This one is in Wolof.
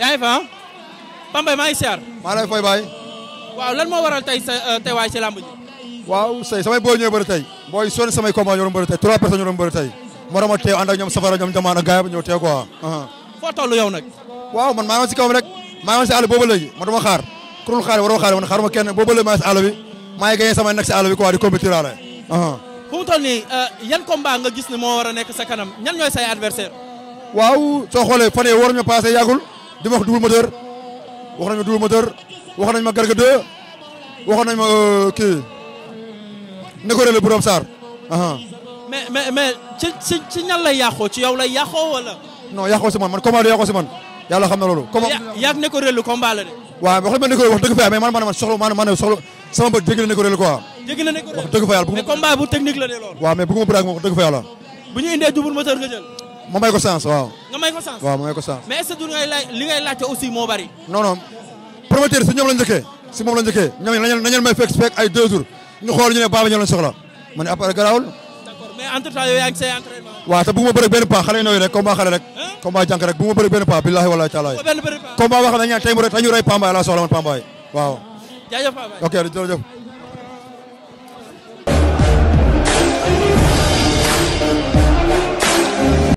yaa ngi fa ah. Pambay maa ngi siyaar. maa lay fay baay. waaw lan moo waral tey sa euh, tey waay ci làmb ji. waaw say samay booy ñëw bëri tey. booy sonn samay combat ñoo doon bëri tey trois personnes ñoo doon bëri tey. moo doon teew ñoom safara ñoom jamono gaay ñëw teew quoi. foo toll yow nag. waaw man maa ngi si kawam rek. maa ngi woon si àll boobu léegi man dama xaar. ku dul xaar waroo xaar man xaaruma kenn boobu léegi maa ngi si àll bi. maa ngi gagné samay nag si àll bi quoi di compétir aale. fu nii euh, yan combat nga gis ne moo war a nekk sa kanam ñan ñooy say adversaire. waaw soo xoolee fan yii waruñu passé yàggul di ma wax double moteur wax nañ ma double wax nañ ma Garga 2 wax nañ ma euh, kii Neko Relais bu Ram Sarr. mais mais mais ci ci ci lay yàqoo ci yow lay yàqoo non yàqoo si man man combat du yàqoo si man yàlla xam na loolu. comment yaa Neko Relais combat la de. waaw wax nañ ma Neko Relais wax dëgg fa yàlla mais wax dëgg fa yàlla. ma may ko chance waaw. nga may ko chance waaw ma may ko chance. mais est-ce que ngay laaj li ngay laajte aussi moo bari. non non promoteur si ñoom la njëkkee si moom la njëkkee ñoom nañu nañu may fekk fekk ay deux jours ñu xool ñu ne Baba ñoom lañ soxla ma ne après ah, garaawul. d'accord mais entre temps yow yaa ngi say entraînement. waaw te bu ma bëri benn paa xale yu néew rek combat xale rek. combat jànk rek bu ma bëri benn paa billahi wallahi taala. combat boo xam ne ñu naan tey mu rey tey ñu rey Pambaay laa soxla man Pambaay waaw. jaajëf Pambaay ok jërëjëf